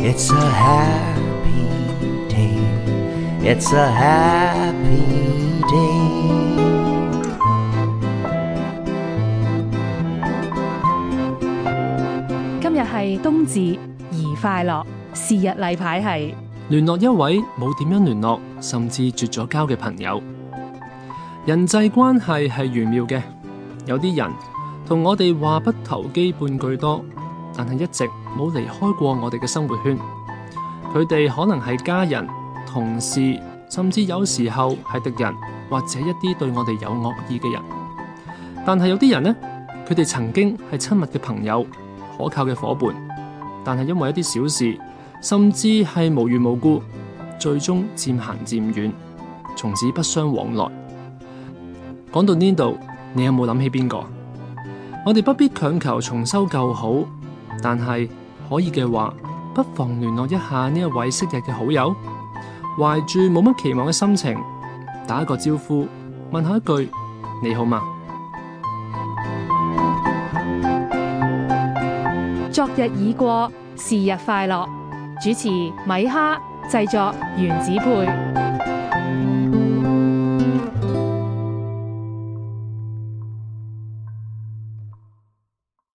It's a happy day, it's a happy day 今日係冬至，宜快樂。是日例牌係聯絡一位冇點樣聯絡，甚至絕咗交嘅朋友。人際關係係玄妙嘅，有啲人同我哋話不投機半句多。但係一直冇離開過我哋嘅生活圈，佢哋可能係家人、同事，甚至有時候係敵人或者一啲對我哋有惡意嘅人。但係有啲人呢，佢哋曾經係親密嘅朋友、可靠嘅伙伴，但係因為一啲小事，甚至係無緣無故，最終漸行漸遠，從此不相往來。講到呢度，你有冇諗起邊個？我哋不必強求重修舊好。但係可以嘅話，不妨聯絡一下呢一位昔日嘅好友，懷住冇乜期望嘅心情，打一個招呼，問下一句你好嗎？昨日已過，是日快樂。主持米哈，製作原子配。